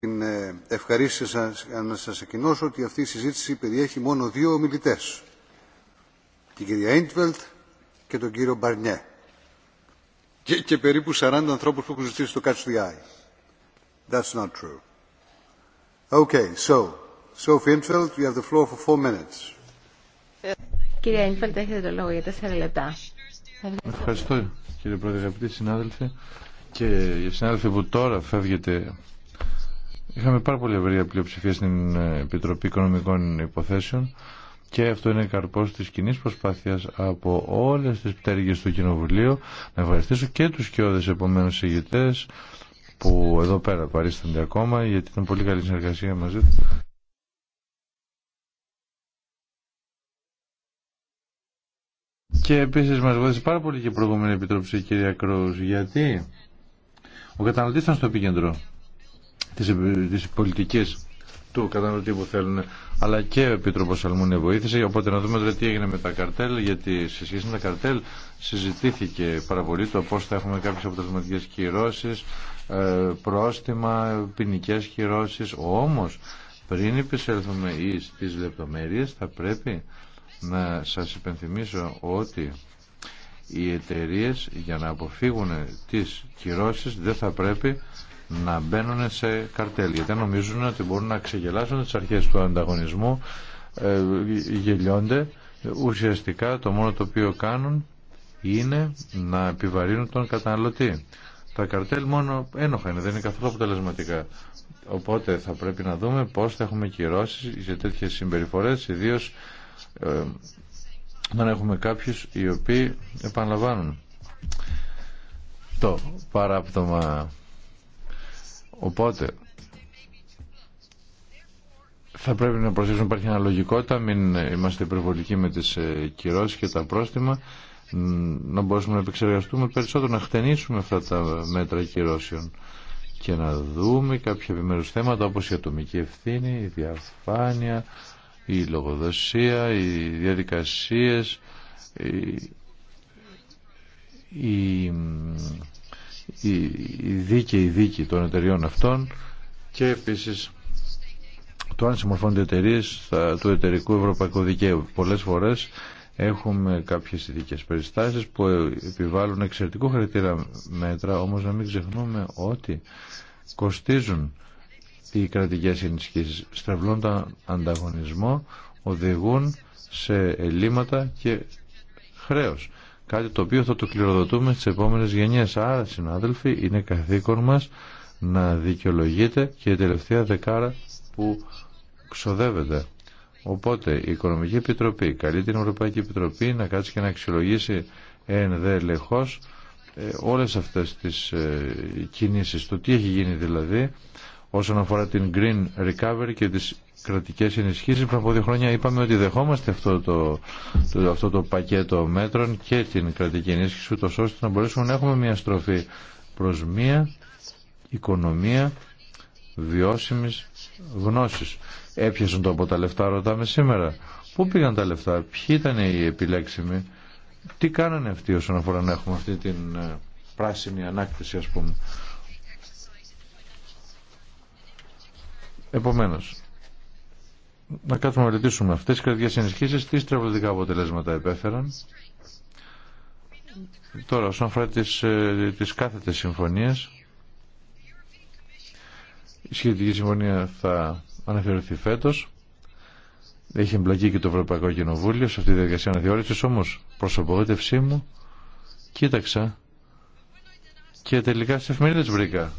την ε, ευχαρίστηση να σας ανακοινώσω ότι αυτή η συζήτηση περιέχει μόνο δύο ομιλητές. Την κυρία Ίντβελτ και τον κύριο Μπαρνιέ. Και, και περίπου 40 ανθρώπους που έχουν ζητήσει το catch the eye. That's not true. Okay, so, Sophie Ίντβελτ, you have the floor for four minutes. Κυρία Ίντβελτ, έχετε το λόγο για τέσσερα λεπτά. Ευχαριστώ, κύριε Πρόεδρε, αγαπητοί συνάδελφοι και οι συνάδελφοι που τώρα φεύγετε Είχαμε πάρα πολύ ευρία πλειοψηφία στην ε, Επιτροπή Οικονομικών Υποθέσεων και αυτό είναι καρπός της κοινή προσπάθειας από όλες τις πτέρυγες του Κοινοβουλίου να ευχαριστήσω και τους κοιόδες επόμενου ηγητέ που εδώ πέρα παρίστανται ακόμα γιατί ήταν πολύ καλή συνεργασία μαζί του. Και επίση μας βοήθησε πάρα πολύ και η προηγούμενη επιτροπή η κυρία Κρόου γιατί ο καταναλωτή ήταν στο επίκεντρο τις, τις πολιτικές του καταναλωτή που θέλουν. Αλλά και ο Επίτροπος Αλμούνια βοήθησε. Οπότε να δούμε τώρα τι έγινε με τα καρτέλ. Γιατί σε σχέση με τα καρτέλ συζητήθηκε πάρα το πως θα έχουμε κάποιε αποτελεσματικές κυρώσεις ε, πρόστιμα, ποινικέ κυρώσει. όμως πριν επισέλθουμε ή στι λεπτομέρειε θα πρέπει να σας υπενθυμίσω ότι οι εταιρείε για να αποφύγουν τις κυρώσεις δεν θα πρέπει να μπαίνουν σε καρτέλ γιατί νομίζουν ότι μπορούν να ξεγελάσουν τις αρχές του ανταγωνισμού ε, γελιώνται ουσιαστικά το μόνο το οποίο κάνουν είναι να επιβαρύνουν τον καταναλωτή τα καρτέλ μόνο ένοχα είναι, δεν είναι καθόλου αποτελεσματικά οπότε θα πρέπει να δούμε πώς θα έχουμε κυρώσει σε τέτοιες συμπεριφορές ιδίως ε, να έχουμε κάποιους οι οποίοι επαναλαμβάνουν το παράπτωμα Οπότε θα πρέπει να προσέξουμε υπάρχει αναλογικότητα, μην είμαστε υπερβολικοί με τις ε, κυρώσεις και τα πρόστιμα, να μπορούμε να επεξεργαστούμε περισσότερο, να χτενίσουμε αυτά τα μέτρα κυρώσεων και να δούμε κάποια επιμέρους θέματα όπως η ατομική ευθύνη, η διαφάνεια, η λογοδοσία, οι διαδικασίες, η, η η, η δίκαιη δίκη των εταιριών αυτών και επίσης το αν συμμορφώνται εταιρείε του εταιρικού ευρωπαϊκού δικαίου. Πολλές φορές έχουμε κάποιες ειδικέ περιστάσεις που επιβάλλουν εξαιρετικού χαρακτήρα μέτρα, όμως να μην ξεχνούμε ότι κοστίζουν οι κρατικές ενισχύσεις, Στρεβλώντα ανταγωνισμό, οδηγούν σε ελλείμματα και χρέος κάτι το οποίο θα το κληροδοτούμε στις επόμενες γενιές. Άρα, συνάδελφοι, είναι καθήκον μας να δικαιολογείται και η τελευταία δεκάρα που ξοδεύεται. Οπότε η Οικονομική Επιτροπή καλεί την Ευρωπαϊκή Επιτροπή να κάτσει και να αξιολογήσει ενδελεχώς ε, όλες αυτές τις ε, κινήσεις, το τι έχει γίνει δηλαδή όσον αφορά την Green Recovery και τις κρατικές ενισχύσεις πριν από δύο χρόνια είπαμε ότι δεχόμαστε αυτό το, αυτό το πακέτο μέτρων και την κρατική ενίσχυση ούτως ώστε να μπορέσουμε να έχουμε μια στροφή προς μια οικονομία βιώσιμης γνώσης. Έπιασαν το από τα λεφτά ρωτάμε σήμερα. Πού πήγαν τα λεφτά, ποιοι ήταν οι επιλέξιμοι, τι κάνανε αυτοί όσον αφορά να έχουμε αυτή την ε, πράσινη ανάκτηση ας πούμε. Επομένως, να κάτσουμε να ρωτήσουμε αυτές οι κρατικέ ενισχύσεις τι στρεβλωτικά αποτελέσματα επέφεραν. Τώρα, όσον αφορά τις, ε, τις κάθετες συμφωνίες, η σχετική συμφωνία θα αναφερθεί φέτος. Έχει εμπλακεί και το Ευρωπαϊκό Κοινοβούλιο σε αυτή τη διαδικασία Όμω, όμως απογοήτευσή μου κοίταξα και τελικά σε εφημερίδες βρήκα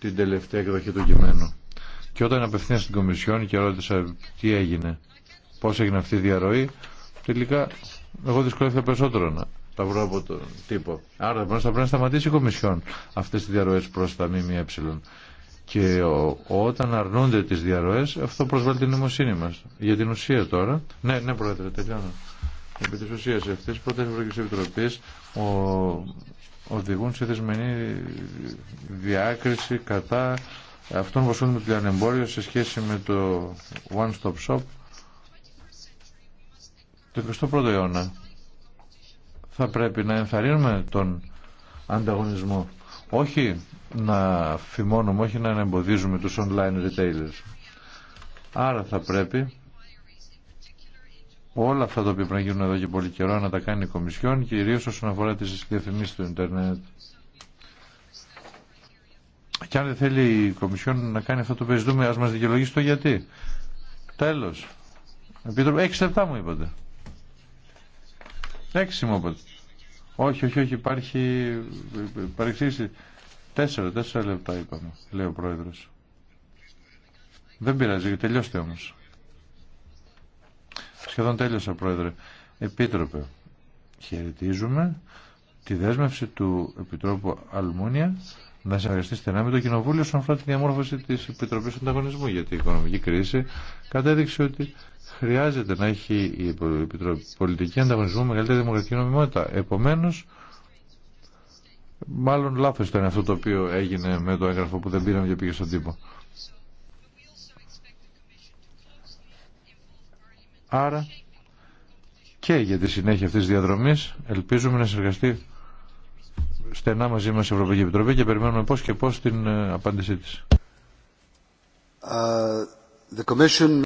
την τελευταία εκδοχή του κειμένου. Και όταν απευθύνω στην Κομισιόν και ρώτησα τι έγινε, πώς έγινε αυτή η διαρροή, τελικά εγώ δυσκολεύτηκα περισσότερο να τα βρω από τον τύπο. Άρα θα πρέπει να σταματήσει η Κομισιόν αυτές τις διαρροές προς τα ΜΜΕ. Και όταν αρνούνται τις διαρροές, αυτό προσβάλλει την νομοσύνη μας. Για την ουσία τώρα, ναι, ναι πρόεδρε, τελειώνω. Επί της ουσίας αυτής, οι πρώτες Ευρωπαϊκές επιτροπής ο, οδηγούν σε θεσμενή διάκριση κατά Αυτόν που ασχολούνται με το λιανεμπόριο σε σχέση με το One Stop Shop το 21ο αιώνα θα πρέπει να ενθαρρύνουμε τον ανταγωνισμό όχι να φημώνουμε, όχι να εμποδίζουμε τους online retailers άρα θα πρέπει όλα αυτά τα οποία πρέπει να γίνουν εδώ και πολύ καιρό να τα κάνει η Κομισιόν κυρίως όσον αφορά τις διαφημίσεις του Ιντερνετ και αν δεν θέλει η Κομισιόν να κάνει αυτό το περιστούμε, ας μας δικαιολογήσει το γιατί. Τέλος. Επίτροπε, έξι λεπτά μου είπατε. Έξι μου είπατε. Όχι, όχι, όχι, υπάρχει παρεξήγηση. Τέσσερα, τέσσερα λεπτά είπαμε, λέει ο πρόεδρος. Δεν πειράζει, τελειώστε όμως. Σχεδόν τέλειωσα, πρόεδρε. Επίτροπε, χαιρετίζουμε τη δέσμευση του Επιτρόπου Αλμούνια να συνεργαστεί στενά με το Κοινοβούλιο όσον αφορά τη διαμόρφωση τη Επιτροπή Ανταγωνισμού. Γιατί η οικονομική κρίση κατέδειξε ότι χρειάζεται να έχει η πολιτική ανταγωνισμού μεγαλύτερη δημοκρατική νομιμότητα. Επομένω, μάλλον λάθο ήταν αυτό το οποίο έγινε με το έγγραφο που δεν πήραμε και πήγε στον τύπο. Άρα και για τη συνέχεια αυτής της διαδρομής ελπίζουμε να συνεργαστεί στενά μαζί μας η Ευρωπαϊκή Επιτροπή και περιμένουμε πώς και πώς την ε, απάντησή της. Ε,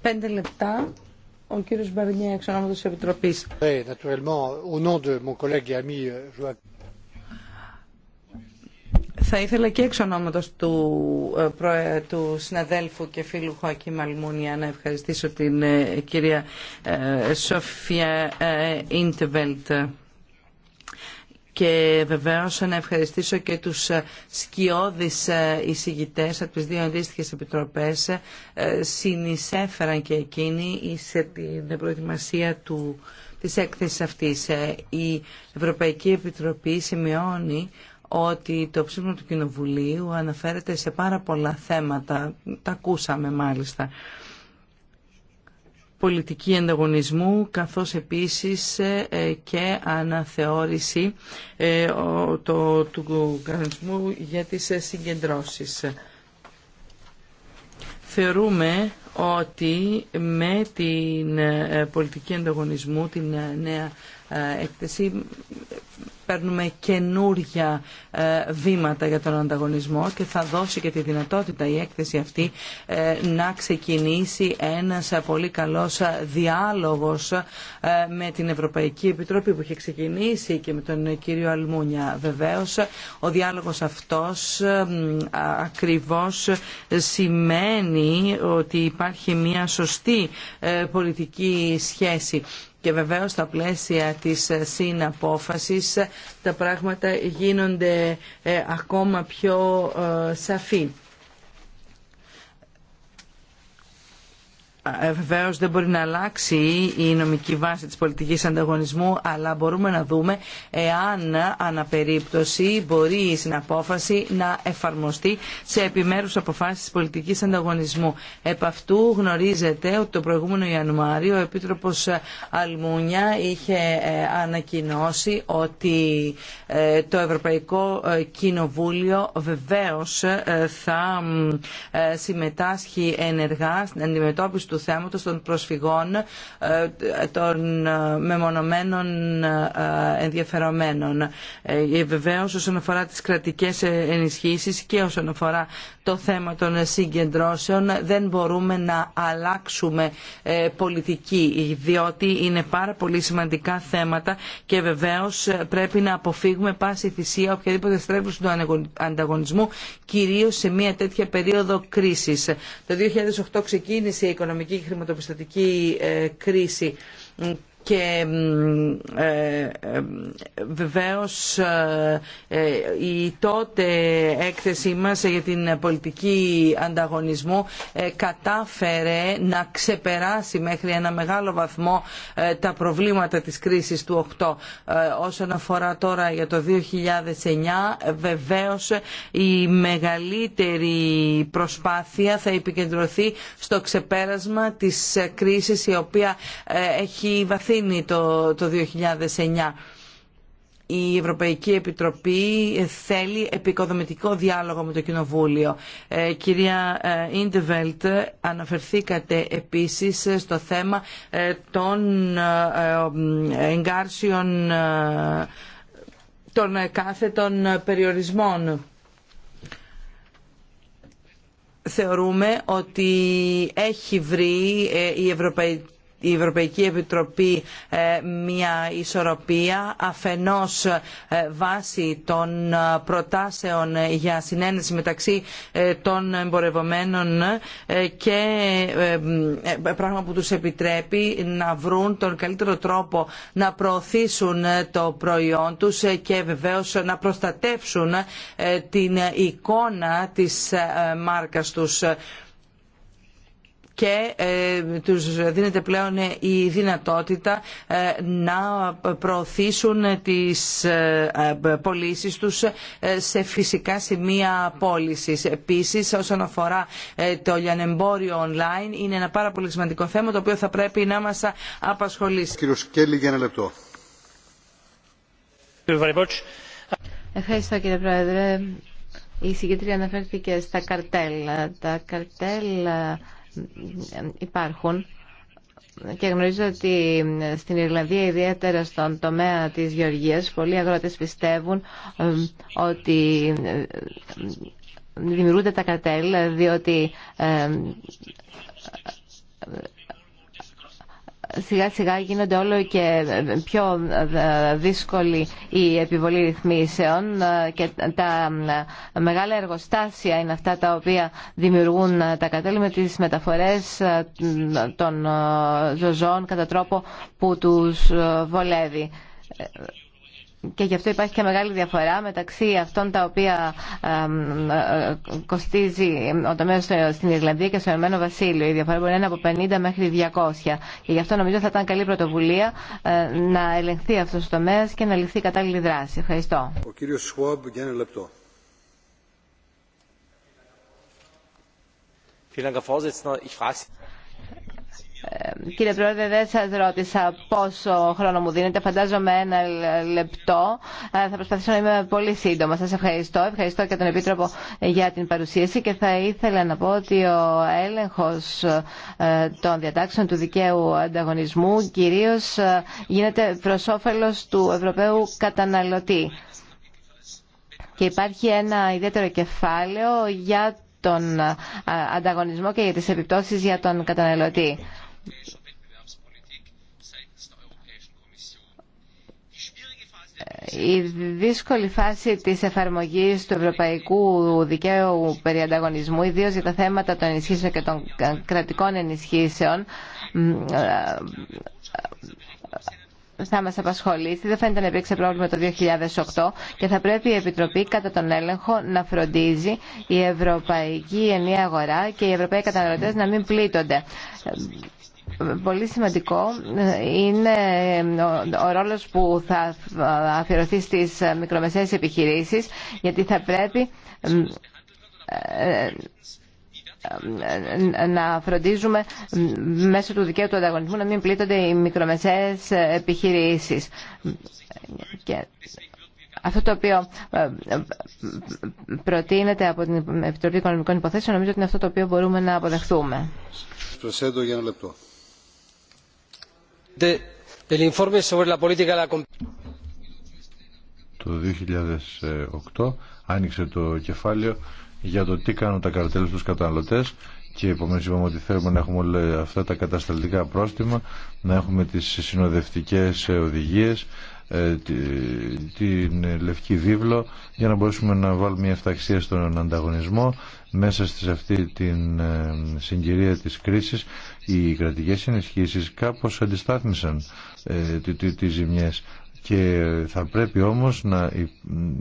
Πέντε λεπτά. Ο κύριος Μπαρνιέ, της Επιτροπής. Euh, Θα ήθελα και εξ ονόματος του, ε, του συναδέλφου και φίλου Χωακή Μαλμούνια να ευχαριστήσω την κυρία Σοφία Ιντεβέλτ και βεβαίω να ευχαριστήσω και τους σκιώδεις ε, εισηγητέ από τι δύο αντίστοιχε επιτροπέ, ε, συνεισέφεραν και εκείνοι σε την προετοιμασία του, της έκθεσης αυτής. Ε, η Ευρωπαϊκή Επιτροπή σημειώνει ότι το ψήφισμα του Κοινοβουλίου αναφέρεται σε πάρα πολλά θέματα, τα ακούσαμε μάλιστα, πολιτική ανταγωνισμού καθώς επίσης ε, και αναθεώρηση ε, του κανονισμού για τις ε, συγκεντρώσεις. Θεωρούμε ότι με την πολιτική ανταγωνισμού, την νέα έκθεση παίρνουμε καινούρια ε, βήματα για τον ανταγωνισμό και θα δώσει και τη δυνατότητα η έκθεση αυτή ε, να ξεκινήσει ένας ε, πολύ καλός διάλογος με την Ευρωπαϊκή Επιτροπή που είχε ξεκινήσει και με τον κύριο Αλμούνια. Βεβαίως ο διάλογος αυτός ακριβώς σημαίνει ότι υπάρχει μια σωστή πολιτική σχέση και βεβαίως στα πλαίσια της συναπόφασης τα πράγματα γίνονται ε, ακόμα πιο ε, σαφή. Ε, βεβαίω δεν μπορεί να αλλάξει η νομική βάση της πολιτικής ανταγωνισμού, αλλά μπορούμε να δούμε εάν αναπερίπτωση μπορεί η συναπόφαση να εφαρμοστεί σε επιμέρους αποφάσεις της πολιτικής ανταγωνισμού. Επ' αυτού γνωρίζετε ότι το προηγούμενο Ιανουάριο ο Επίτροπος Αλμούνια είχε ε, ανακοινώσει ότι ε, το Ευρωπαϊκό Κοινοβούλιο βεβαίω θα συμμετάσχει ενεργά στην αντιμετώπιση του θέματος των προσφυγών ε, των ε, μεμονωμένων ε, ενδιαφερομένων. Βεβαίω, όσον αφορά τις κρατικές ενισχύσεις και όσον αφορά το θέμα των συγκεντρώσεων δεν μπορούμε να αλλάξουμε πολιτική διότι είναι πάρα πολύ σημαντικά θέματα και βεβαίως πρέπει να αποφύγουμε πάση θυσία οποιαδήποτε στρέβλωση του ανταγωνισμού κυρίως σε μια τέτοια περίοδο κρίσης. Το 2008 ξεκίνησε η οικονομική οικονομική και χρηματοπιστωτική ε, κρίση και ε, ε, βεβαίως ε, ε, η τότε έκθεσή μας για την πολιτική ανταγωνισμού κατάφερε να ξεπεράσει μέχρι ένα μεγάλο βαθμό τα προβλήματα της κρίσης του 8. Όσον αφορά τώρα για το 2009 βεβαίως η μεγαλύτερη προσπάθεια θα επικεντρωθεί στο ξεπέρασμα της κρίσης η οποία έχει βαθύνει ευθύνη το, το 2009. Η Ευρωπαϊκή Επιτροπή θέλει επικοδομητικό διάλογο με το Κοινοβούλιο. Ε, κυρία ε, Ιντεβέλτ, αναφερθήκατε επίσης στο θέμα ε, των εγκάρσιων των κάθετων περιορισμών. Θεωρούμε ότι έχει βρει η Ευρωπαϊκή η Ευρωπαϊκή Επιτροπή ε, μια ισορροπία αφενός ε, βάση των ε, προτάσεων για συνένεση μεταξύ των εμπορευομένων και πράγμα που τους επιτρέπει να βρουν τον καλύτερο τρόπο να προωθήσουν το προϊόν τους και βεβαίως να προστατεύσουν την εικόνα της μάρκας τους και ε, τους δίνεται πλέον η δυνατότητα ε, να προωθήσουν τις ε, πωλήσει τους σε φυσικά σημεία πώληση. Επίσης όσον αφορά το λιανεμπόριο online είναι ένα πάρα πολύ σημαντικό θέμα το οποίο θα πρέπει να μας απασχολήσει. Κύριο για ένα λεπτό. Ευχαριστώ κύριε Πρόεδρε. Η συγκεκριτή αναφέρθηκε στα καρτέλ. Τα καρτέλ υπάρχουν και γνωρίζω ότι στην Ιρλανδία ιδιαίτερα στον τομέα της γεωργίας πολλοί αγρότες πιστεύουν ότι δημιουργούνται τα καρτέλ διότι σιγά σιγά γίνονται όλο και πιο δύσκολη η επιβολή ρυθμίσεων και τα μεγάλα εργοστάσια είναι αυτά τα οποία δημιουργούν τα κατέλη με τις μεταφορές των ζωζών κατά τρόπο που τους βολεύει και γι' αυτό υπάρχει και μεγάλη διαφορά μεταξύ αυτών τα οποία ε, κοστίζει ο τομέας ε, στην Ιρλανδία και στο Ηνωμένο Βασίλειο. Η διαφορά μπορεί να είναι από 50 μέχρι 200. Και γι' αυτό νομίζω θα ήταν καλή πρωτοβουλία ε, να ελεγχθεί αυτό ο τομέας και να ληφθεί κατάλληλη δράση. Ευχαριστώ. Ο ε, κύριε Πρόεδρε, δεν σας ρώτησα πόσο χρόνο μου δίνετε. Φαντάζομαι ένα λεπτό. Ε, θα προσπαθήσω να είμαι πολύ σύντομα. Σα ευχαριστώ. Ευχαριστώ και τον Επίτροπο για την παρουσίαση και θα ήθελα να πω ότι ο έλεγχο ε, των διατάξεων του δικαίου ανταγωνισμού κυρίως γίνεται προ όφελο του Ευρωπαίου καταναλωτή. Και υπάρχει ένα ιδιαίτερο κεφάλαιο για τον ανταγωνισμό και για τις επιπτώσεις για τον καταναλωτή η δύσκολη φάση της εφαρμογής του ευρωπαϊκού δικαίου περί ανταγωνισμού, ιδίως για τα θέματα των ενισχύσεων και των κρατικών ενισχύσεων, θα μας απασχολήσει. Δεν φαίνεται να υπήρξε πρόβλημα το 2008 και θα πρέπει η Επιτροπή κατά τον έλεγχο να φροντίζει η ευρωπαϊκή Ενία αγορά και οι ευρωπαίοι καταναλωτές να μην πλήττονται πολύ σημαντικό είναι ο ρόλος που θα αφιερωθεί στις μικρομεσαίες επιχειρήσεις γιατί θα πρέπει ε, να φροντίζουμε μέσω του δικαίου του ανταγωνισμού να μην πλήττονται οι μικρομεσαίες επιχειρήσεις. αυτό το οποίο ε, προτείνεται από την Επιτροπή Οικονομικών Υποθέσεων νομίζω ότι είναι αυτό το οποίο μπορούμε να αποδεχθούμε. για ένα λεπτό. Το 2008 άνοιξε το κεφάλαιο για το τι κάνουν τα καρτέλ τους καταναλωτές και επομένως είπαμε ότι θέλουμε να έχουμε όλα αυτά τα κατασταλτικά πρόστιμα, να έχουμε τις συνοδευτικές οδηγίες, ε, την Λευκή Βίβλο για να μπορέσουμε να βάλουμε μια ευταξία στον ανταγωνισμό μέσα σε αυτή την ε, συγκυρία της κρίσης οι κρατικές ενισχύσει κάπως αντιστάθμισαν ε, τις ζημιές και θα πρέπει όμως να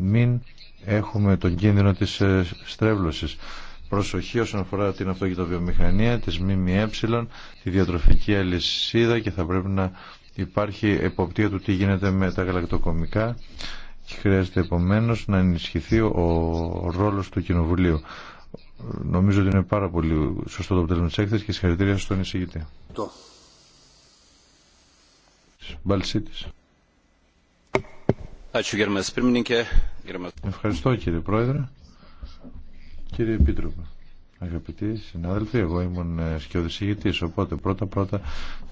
μην έχουμε τον κίνδυνο της στρέβλωσης προσοχή όσον αφορά την αυτοκινητοβιομηχανία, της ΜΜΕ, τη διατροφική αλυσίδα και θα πρέπει να υπάρχει εποπτεία του τι γίνεται με τα γαλακτοκομικά και χρειάζεται επομένω να ενισχυθεί ο ρόλος του Κοινοβουλίου. Νομίζω ότι είναι πάρα πολύ σωστό το αποτέλεσμα τη έκθεση και συγχαρητήρια στον εισηγητή. Το. Ευχαριστώ κύριε Πρόεδρε. Κύριε Επίτροπε. Αγαπητοί συνάδελφοι, εγώ ήμουν ε, σκιοδησηγητής, οπότε πρώτα-πρώτα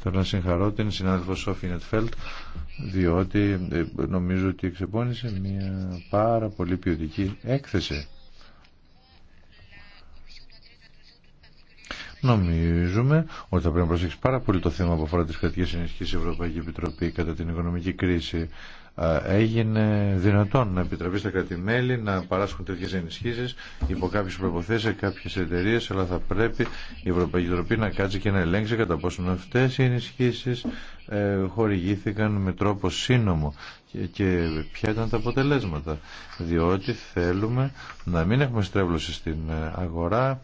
θέλω να συγχαρώ την συνάδελφο Σόφι Νετφέλτ, διότι ε, νομίζω ότι εξεπώνησε μια πάρα πολύ ποιοτική έκθεση. Νομίζουμε ότι θα πρέπει να προσέξει πάρα πολύ το θέμα που αφορά τι κρατικέ ενισχύσει η Ευρωπαϊκή Επιτροπή κατά την οικονομική κρίση. Έγινε δυνατόν να επιτραπεί στα κρατημέλη να παράσχουν τέτοιε ενισχύσει υπό κάποιε προποθέσει σε κάποιε εταιρείε, αλλά θα πρέπει η Ευρωπαϊκή Επιτροπή να κάτσει και να ελέγξει κατά πόσον αυτέ οι ενισχύσει ε, χορηγήθηκαν με τρόπο σύνομο και ποια ήταν τα αποτελέσματα. Διότι θέλουμε να μην έχουμε στρέβλωση στην ε, αγορά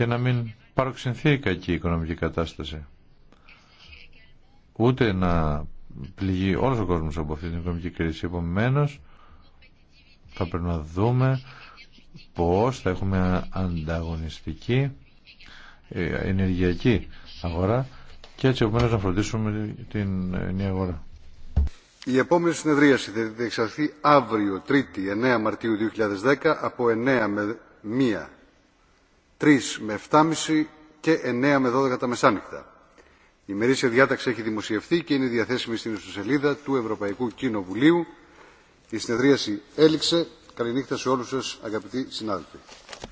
και να μην παροξενθεί η κακή οικονομική κατάσταση. Ούτε να πληγεί όλος ο κόσμος από αυτή την οικονομική κρίση. Επομένω, θα πρέπει να δούμε πώς θα έχουμε ανταγωνιστική ε, ενεργειακή αγορά και έτσι επομένω να φροντίσουμε την νέα αγορά. Η επόμενη συνεδρίαση θα διεξαρθεί αυριο αύριο, 3η 9 Μαρτίου 2010, από 9 με 1 3 με 7.30 και 9 με 12 τα μεσάνυχτα. Η ημερήσια διάταξη έχει δημοσιευθεί και είναι διαθέσιμη στην ιστοσελίδα του Ευρωπαϊκού Κοινοβουλίου. Η συνεδρίαση έληξε. Καληνύχτα σε όλους σας αγαπητοί συνάδελφοι.